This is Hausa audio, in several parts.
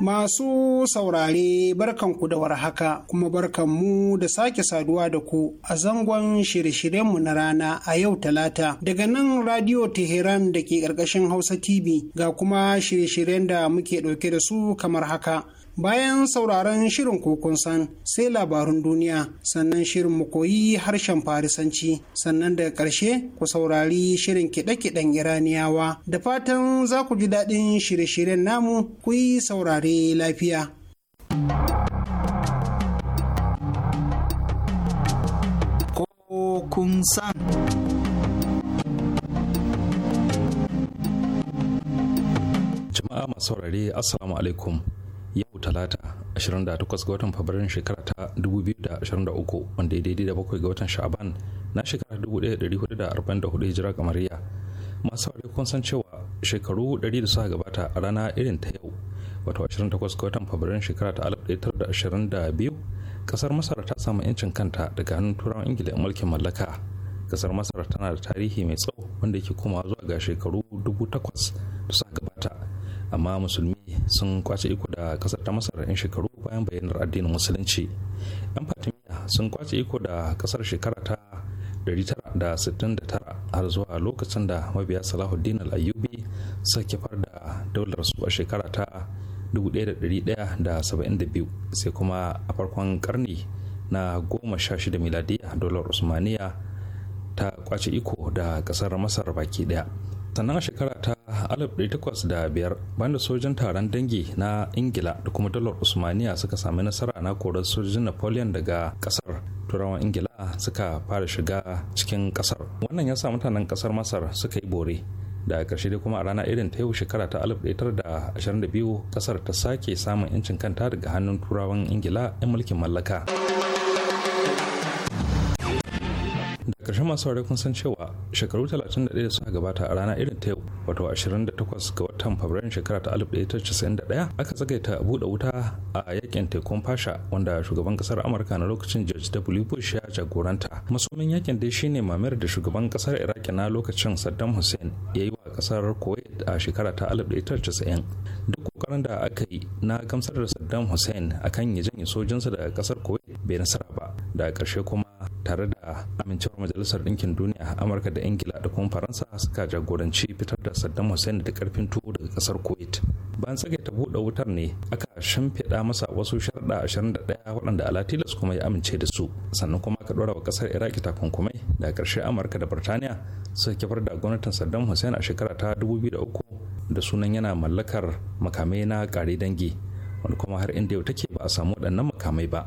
Masu saurare barkanku da warhaka kuma barkanmu da sake saduwa da ku a zangon shirye-shiryenmu na rana a yau talata daga nan Radio Teheran da ke ƙarƙashin Hausa TV ga kuma shirye-shiryen da muke ɗauke da su kamar haka. bayan sauraron shirin kokon san sai labarun duniya sannan shirin mu koyi harshen farisanci sannan daga ƙarshe ku saurari shirin kiɗe-kiɗen iraniyawa da fatan za ku ji daɗin shirye-shiryen namu ku yi saurare lafiya. Kokun san. Jama'a masu saurari Assalamu alaikum. yau talata 28 ga watan fabrairun shekara ta 2023 wanda ya daidai da bakwai ga watan sha'aban na shekara 1444 hijira kamariya masu aure kun san cewa shekaru 100 da suka gabata a rana irin ta yau wato 28 ga watan fabrairun shekara ta 1922 kasar masar ta samu yancin kanta daga hannun turawan ingila mulkin mallaka kasar masar tana da tarihi mai tsawo wanda yake kuma zuwa ga shekaru 8000 da suka gabata amma musulmi sun kwace iko da kasar ta masar 'yan shekaru bayan bayyanar addinin musulunci 'yan fatimiyya sun kwace iko da kasar shekara ta 969 har zuwa lokacin da mabiya salahuddin al-ayyubi suka kifar da daular su a shekara ta 1172 sai kuma a farkon karni na goma sha shida miladiya daular usmaniya ta kwace iko da kasar masar baki daya sannan a shekara ta 1805 bayan da sojin taron dangi na ingila da kuma dalar usmaniya suka sami nasara na korar sojin napoleon daga kasar turawan ingila suka fara shiga cikin kasar wannan ya sa mutanen kasar masar suka yi bore da ƙarshe dai kuma a rana irin ta yau shekara ta biyu kasar ta sake samun 'yancin kanta daga hannun turawan ingila 'yan mulkin mallaka. da ƙarshen masu saurari kun san cewa shekaru 31 suna gabata a rana irin ta yau wato 28 ga watan Fabrairu, shekara ta 1991 aka ta buɗe wuta a yakin tekun fasha wanda shugaban kasar amurka na lokacin george w bush ya jagoranta masomin yakin dai shine mamayar da shugaban kasar iraq na lokacin saddam hussein ya yi wa kasar kuwait a shekara ta 1990 duk kokarin da aka yi na gamsar da saddam hussein akan ya janye sojinsa daga kasar kuwait bai nasara ba da ƙarshe kuma tare da amincewar majalisar ɗinkin duniya amurka da ingila da kuma faransa suka jagoranci fitar da saddam hussein da karfin tuwo daga kasar kuwait bayan tsage ta buɗe wutar ne aka shimfiɗa masa wasu ashirin da ɗaya waɗanda alatilas kuma ya amince da su sannan kuma aka ɗora wa kasar iraki takunkumai daga ƙarshe amurka da birtaniya suka kifar da gwamnatin saddam hussein a shekara ta 2003 da sunan yana mallakar makamai na kare dangi wani kuma har inda yau take ba a samu waɗannan makamai ba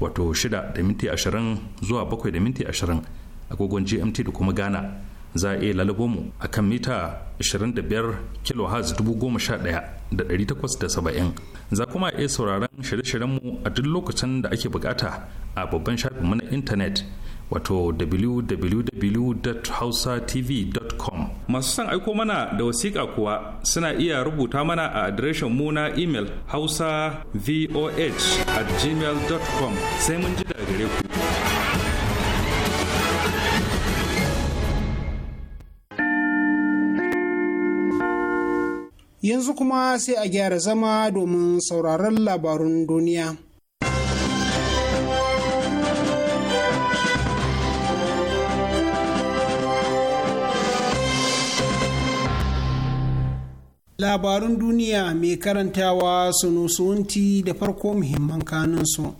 wato 6 da minti zuwa 7 da minti ashirin agogon gmt da kuma ghana za a iya lalubo mu a kan mita 25 kHz 11870 za kuma iya sauraron shirye shiryen mu a duk lokacin da ake bukata a babban shafin mu na intanet wato www.hausatv.com masu son aiko mana da wasiƙa kuwa suna iya rubuta mana a adireshin mu na imel hausa voh at gmail.com sai mun ji da gare ku yanzu kuma sai a gyara zama domin sauraron labarun duniya Labarun duniya mai karantawa sunusunti da farko muhimman kanunsu.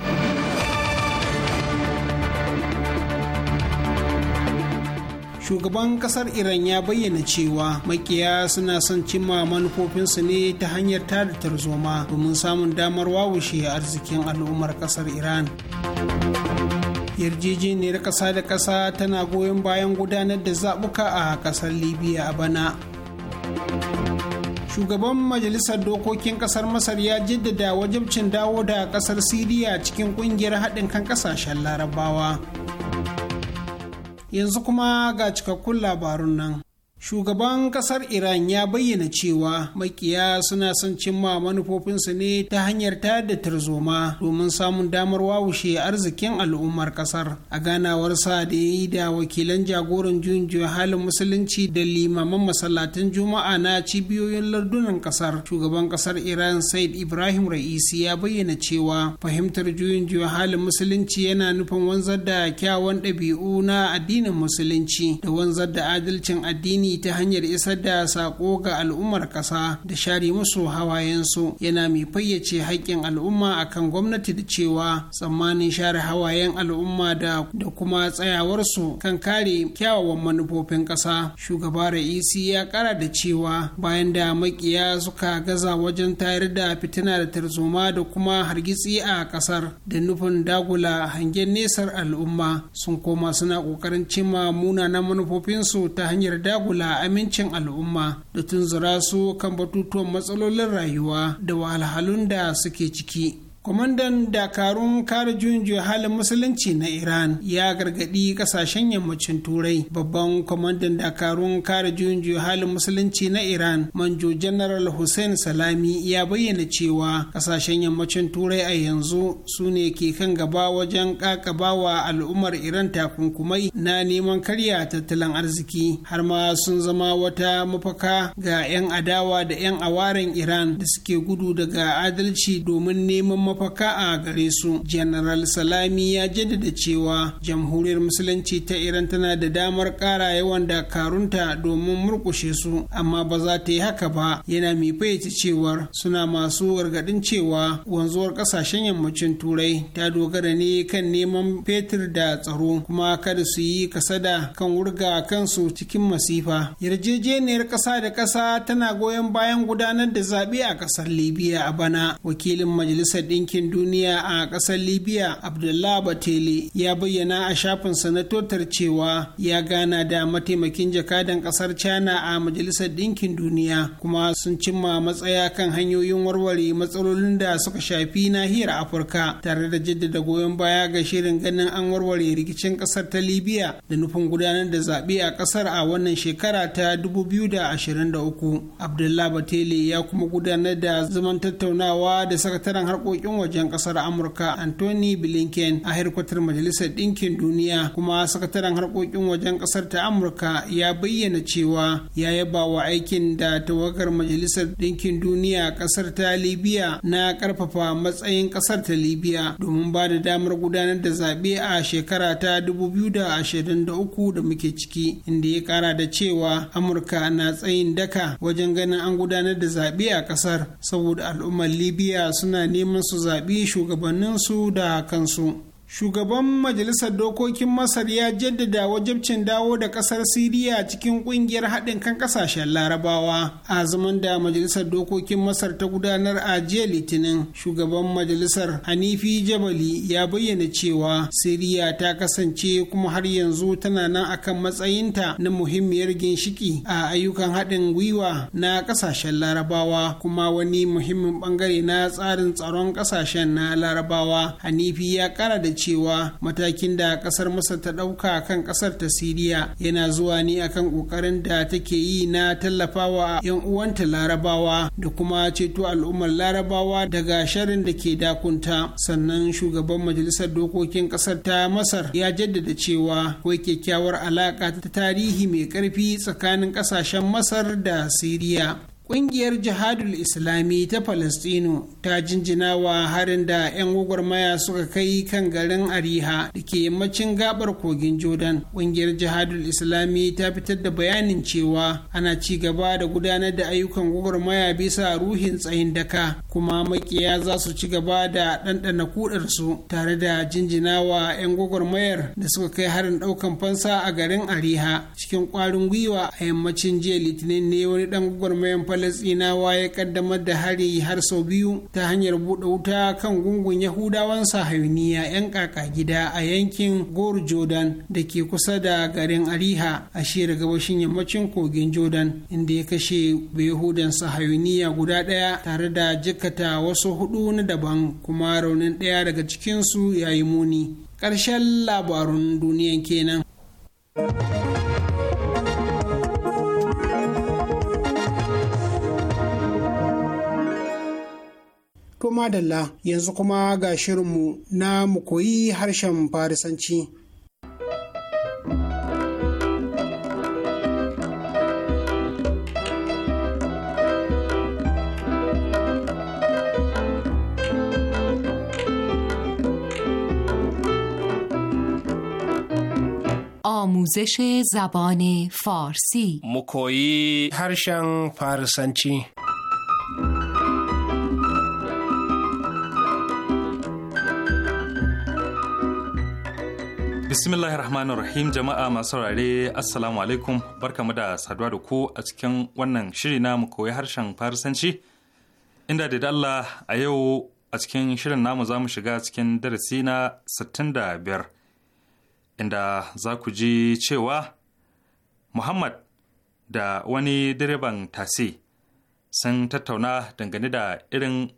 Shugaban kasar Iran ya bayyana cewa makiya suna son cimma manufofinsu ne ta hanyar tada tarzoma domin samun damar wawushe arzikin al'ummar kasar Iran. yarjejeniyar kasa da kasa tana goyon bayan gudanar da zaɓuka a kasar libya a bana. shugaban majalisar dokokin kasar masar ya jaddada wajibcin dawo da kasar siriya cikin kungiyar haɗin kan kasashen larabawa yanzu kuma ga cikakkun labarun nan shugaban kasar iran ya bayyana cewa makiya suna son cimma manufofinsu ne ta hanyar tayar da tarzoma domin samun damar wawushe arzikin al'ummar kasar a ganawarsa da ya yi da wakilan jagoran juyin halin musulunci da limaman masallatan juma'a na cibiyoyin lardunan kasar shugaban kasar iran said ibrahim ra'isi ya bayyana cewa fahimtar juyin halin musulunci yana nufin wanzar da kyawun ɗabi'u na addinin musulunci da wanzar da adalcin addini ta hanyar isar da sako ga al'ummar ƙasa da share musu hawayensu yana mai fayyace haƙƙin al'umma akan gwamnati da cewa tsammanin share hawayen al'umma da kuma tsayawarsu kan kare kyawawan manufofin ƙasa shugaba ra'isi ya ƙara da cewa bayan da makiya suka gaza wajen tayar da fitina da tarzoma da kuma hargitsi a ƙasar da nufin dagula hangen nesar al'umma sun koma suna ƙoƙarin cimma munanan manufofinsu ta hanyar dagula kula amincin al'umma da tunzura su kan batutuwan matsalolin rayuwa da wahalhalun da suke ciki kwamandan dakarun kare juyin halin musulunci na iran ya gargadi kasashen yammacin turai babban kwamandan dakarun kare juyin halin musulunci na iran manjo general hussein salami ya bayyana cewa kasashen yammacin turai a yanzu su ne ke kan gaba wajen kakabawa al'ummar iran takunkumai na neman karya tattalin arziki har ma sun zama wata mafaka ga 'yan adawa da 'yan awaren iran da suke gudu daga adalci domin neman mafaka a gare su general salami ya jaddada cewa jamhuriyar musulunci ta iran tana da damar kara yawan dakarunta domin murkushe su amma ba za ta yi haka ba yana mai fayyace cewar suna masu gargadin cewa wanzuwar kasashen yammacin turai ta dogara ne kan neman fetur da tsaro kuma kada su yi kasada kan wurga kansu cikin masifa yarjejeniyar kasa da kasa tana goyon bayan gudanar da zaɓe a ƙasar libya a bana wakilin majalisar ɗin Yankin duniya a ƙasar libya abdullah batele ya bayyana a shafinsa na totar cewa ya gana da mataimakin jakadan ƙasar china a majalisar ɗinkin duniya kuma sun cimma matsaya kan hanyoyin warware matsalolin da suka shafi nahiyar afirka tare da jaddada goyon baya ga shirin ganin an warware rikicin ƙasar ta libya da nufin gudanar da zaɓe a ƙasar a wannan shekara ta 2023 abdullah batele ya kuma gudanar da zaman tattaunawa da sakataren harkokin wajen kasar amurka anthony blinken a harkwatar majalisar ɗinkin duniya kuma sakataren harkokin wajen kasar ta amurka ya bayyana cewa ya yaba wa aikin da tawagar majalisar ɗinkin duniya kasar ta libya na karfafa matsayin kasar ta libya domin ba da damar gudanar da zaɓe a shekara ta 2023 da muke ciki inda ya kara da cewa amurka na tsayin daka wajen ganin an gudanar da zaɓe a kasar saboda al'ummar libya suna neman su su zaɓi shugabanninsu da kansu shugaban majalisar dokokin masar ya jaddada wajibcin dawo da kasar siriya cikin kungiyar haɗin kan ƙasashen larabawa a zaman da majalisar dokokin masar ta gudanar a jiya litinin shugaban majalisar hanifi jabali ya bayyana cewa siriya ta kasance kuma har yanzu tana nan akan matsayinta na muhimmiyar ginshiki a ayyukan haɗin gwiwa na ƙasashen larabawa kuma wani muhimmin bangare na tsarin tsaron ƙasashen na larabawa hanifi ya ƙara da cewa matakin da kasar masar ta ɗauka kan kasar ta siriya yana zuwa ne akan ƙoƙarin da take yi na tallafawa 'yan uwanta larabawa da kuma ceto al'ummar larabawa daga sharin da ke dakunta sannan shugaban majalisar dokokin kasar ta masar ya jaddada cewa akwai kyakkyawar alaƙa ta tarihi mai karfi tsakanin ƙasashen masar da siriya Ƙungiyar Jihadul Islami ta Falastinu ta jinjina wa harin da 'yan gwagwarmaya suka kai kan garin Ariha da ke yammacin gabar kogin Jordan. Ƙungiyar Jihadul Islami ta fitar da bayanin cewa ana ci gaba da gudanar da ayyukan gwagwarmaya bisa ruhin tsayin daka kuma makiya za su ci gaba da ɗanɗana kudarsu tare da jinjina wa 'yan gwagwarmayar da suka kai harin ɗaukan fansa a garin Ariha cikin ƙwarin gwiwa a yammacin jiya Litinin ne wani ɗan gwagwarmayar falasinawa ya kaddamar da hari har sau biyu ta hanyar buɗe wuta kan gungun yahudawan sahayuniya 'yan kaka gida a yankin gor jordan da ke kusa da garin ariha a shirya gabashin yammacin kogin jordan inda ya kashe yahudan sahayuniya guda ɗaya tare da jikata wasu hudu na daban kuma raunin ɗaya daga cikinsu ya yi muni ƙarshen labarun duniyan kenan. ko madalla yanzu kuma ga shirinmu na mu koyi harshen Farisanci. آموزش زبان فارسی مکویی هرشن فارسنچی Bismillahir Rahmanir Rahim jama'a masu saurare Assalamu alaikum barkamu da saduwa da ku a cikin wannan shiri na mu koyi harshen Farisanci inda da Allah a yau a cikin shirin namu za mu shiga cikin darasi na 65 inda za ku ji cewa Muhammad da wani direban tasi sun tattauna dangane da irin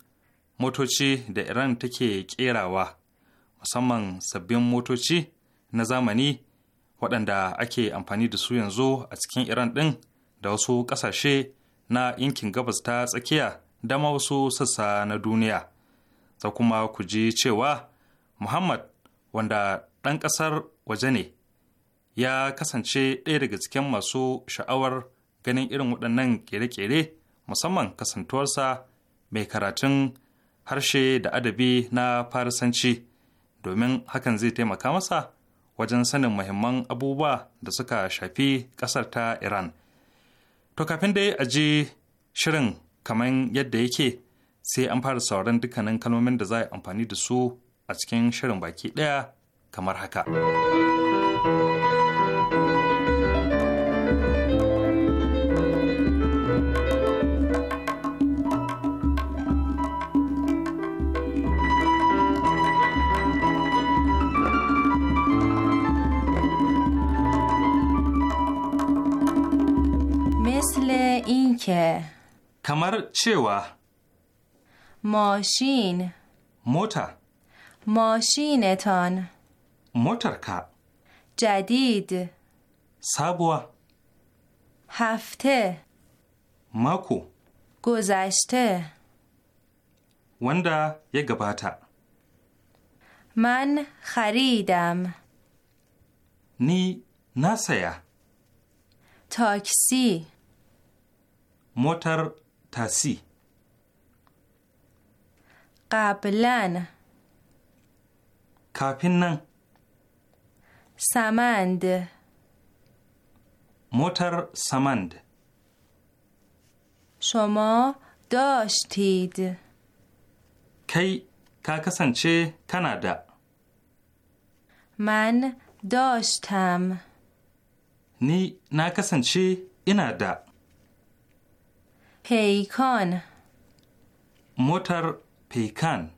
motoci da Iran take kerawa musamman sabbin motoci na zamani waɗanda ake amfani da su yanzu a cikin Iran ɗin da wasu ƙasashe na yankin gabas ta tsakiya da ma wasu sassa na duniya. Za kuma ku ji cewa Muhammad wanda ɗan ƙasar waje ne ya kasance ɗaya daga cikin masu sha'awar ganin irin waɗannan ƙere-ƙere musamman kasantuwarsa mai karatun harshe da adabi na farisanci domin hakan zai taimaka masa wajen sanin muhimman abubuwa da suka shafi ƙasar ta Iran. To kafin dai a ji shirin kamar yadda yake sai an fara sauran dukkanin kalmomin da za a yi amfani da su a cikin shirin baki ɗaya kamar haka. که کمر و؟ ماشین موتا ماشینتان موترکا جدید سابوا هفته ماکو گذشته وندا یه گباتا من خریدم نی نسیا تاکسی Motar tasi. Kabilan. Kafin nan. Samand. Motar samand. Shomo doshitid. Kai ka kasance kana da. Man doshita. Ni na kasance ina da. پیکان موتر پیکان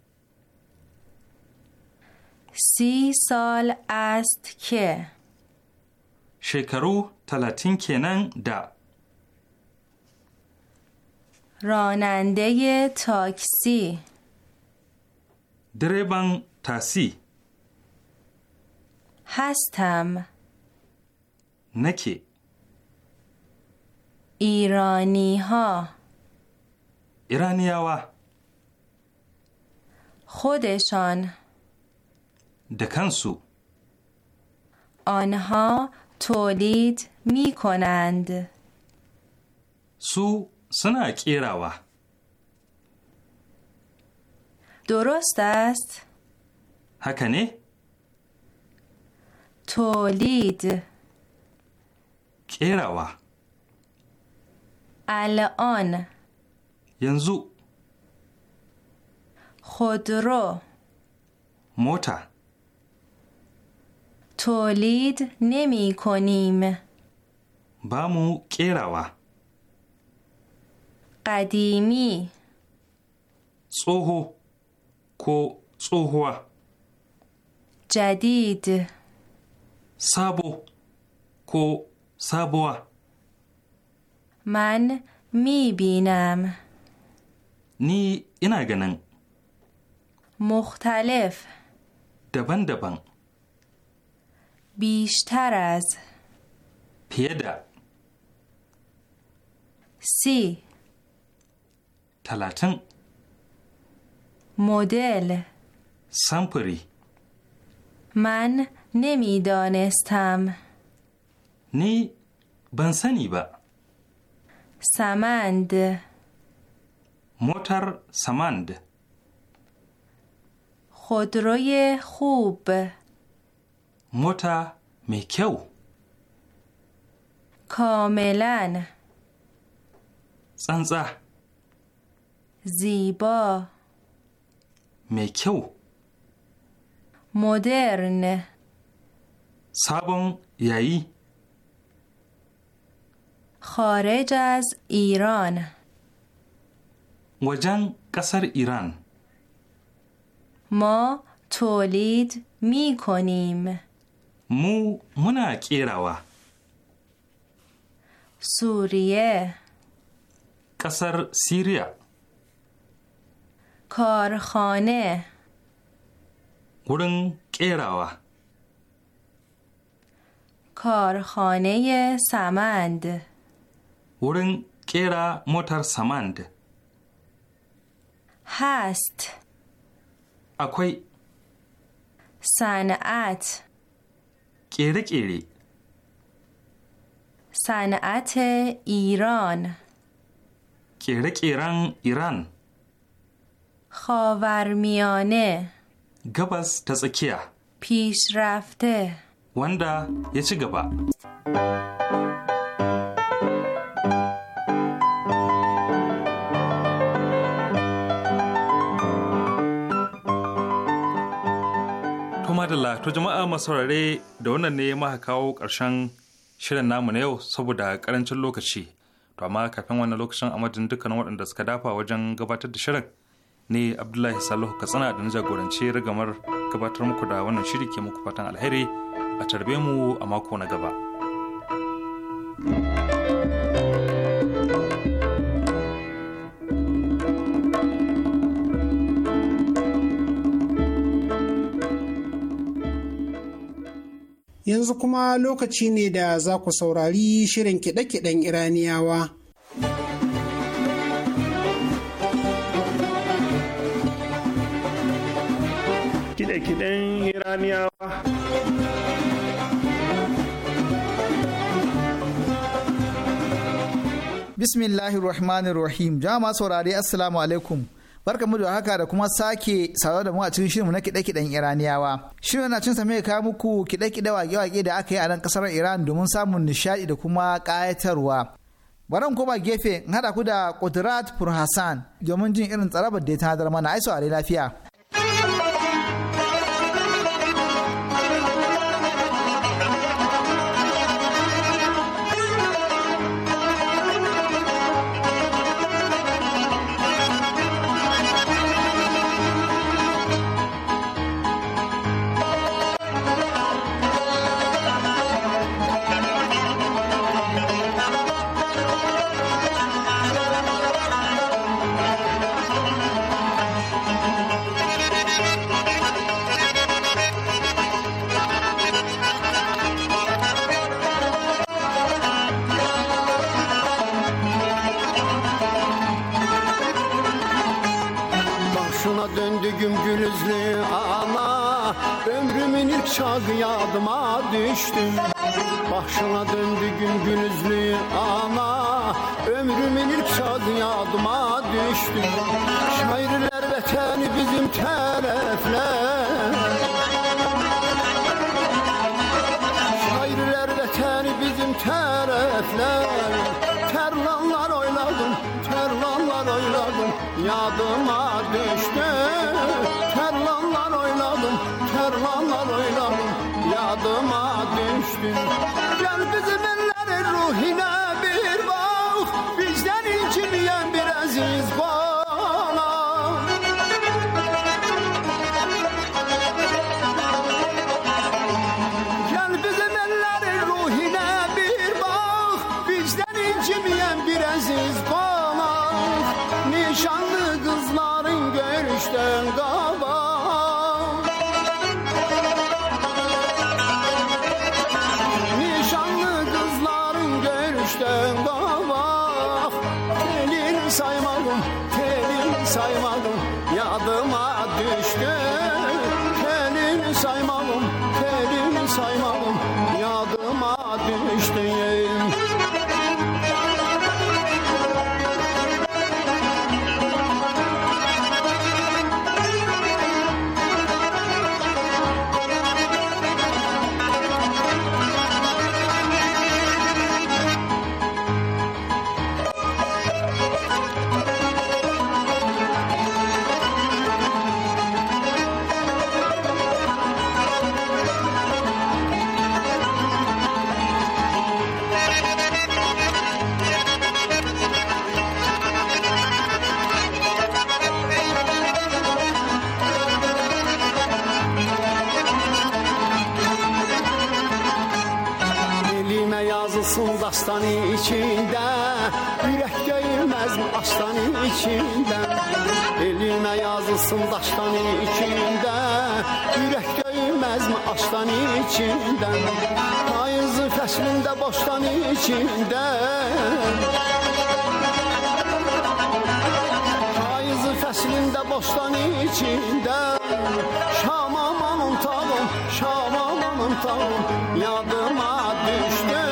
سی سال است که شکرو تلاتین کنن دا راننده تاکسی دربان تاسی هستم نکی ایرانی ها ایرانیاوا خودشان دکنسو آنها تولید می کنند سو سنا ایراوا درست است هکنه تولید کیراوا الان ینزو خودرو موتا تولید نمی کنیم بامو کیراوا قدیمی صوهو کو صوهوا جدید سابو کو سابوا من می بینم نی اینا گنن مختلف دبن دبن بیشتر از پیدا سی تلاتن مدل سمپری من نمیدانستم نی بنسنی به سمند موتر سمند خودروی خوب موتا میکو کاملا سنزا زیبا میکو مدرن سابون یایی خارج از ایران وجن قصر ایران ما تولید می کنیم مو منا ایراوا سوریه قصر سیریا کارخانه گرن ایراوا کارخانه سمند ورن کیرا موتر سمند هست اکوی صنعت کیره کیره صنعت ایران کیره ایران ایران خاورمیانه گبس پیش رفته وندا یه چی گبا adala to jama'a masu da wannan ne ma kawo ƙarshen shirin namu na yau saboda ƙarancin lokaci. To amma kafin wannan lokacin a madadin dukkanin waɗanda suka dafa wajen gabatar da shirin ne Abdullahi Salihu Katsina da na jagoranci rigamar gabatar muku da wannan shiri ke muku fatan alheri a tarbe mu a mako na gaba. thank you yanzu kuma lokaci ne da za ku saurari shirin kiɗe-kiɗen iraniyawa kiɗe-kiɗen iraniyawa bismillahirrahmanirrahim jama'a saurari assalamu alaikum barka mu da haka da kuma sake saurara da mu a cikin shirinmu na kiɗe-kiɗen iraniyawa shirin na cin same kawo muku kiɗe-kiɗe wake-wake da aka yi a nan ƙasar iran domin samun nishaɗi da kuma ƙayatarwa bari mu koma gefe in haɗa ku da kudrat furhasan domin jin irin tsarabar da ta hadar mana ai saurari lafiya Austin. Resminde boştan içinde Payızı fəslində boştan içində Şam amanım tağım, şam amanım tağım Yadıma düştüm.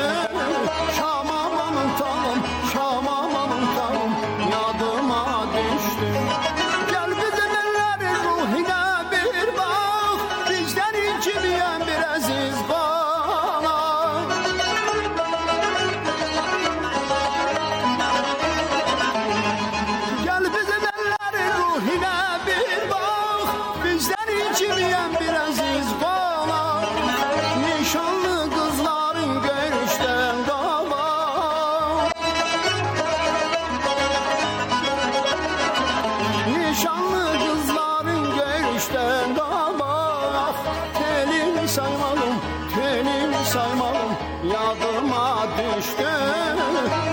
saymalım yadıma düştü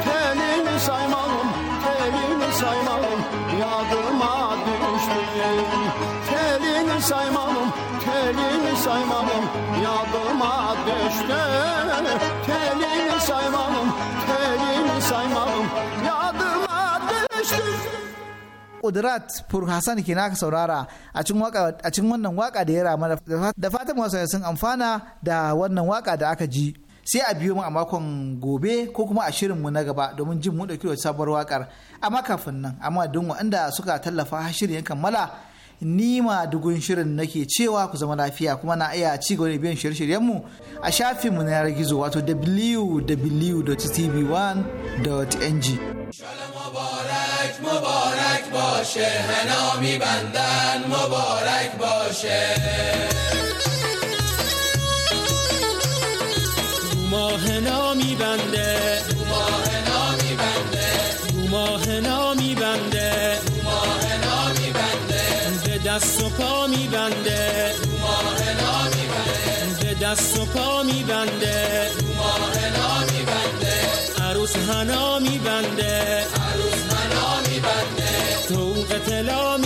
Telini saymalım telini saymalım yadıma düştü Telini saymalım telini saymalım yadıma düştü kudirat fur hassan ke naka saurara a cikin wannan waka da ya rama da fatan masu sun amfana da wannan waka da aka ji sai a biyo mu a makon gobe ko kuma a shirin mu na gaba domin jin mu dauki wata sabuwar wakar amma kafin nan amma don waɗanda suka tallafa shirin ya kammala ni ma dugun shirin nake cewa ku zama lafiya kuma na iya ci gaba da biyan shirye-shiryenmu a shafinmu na yanar gizo wato www.tv1.ng مبارک مبارک ماه هنا میبنده دست و پا میبنده به دست و پا میبنده عروس حنا میبنده عروس حنا میبنده تو می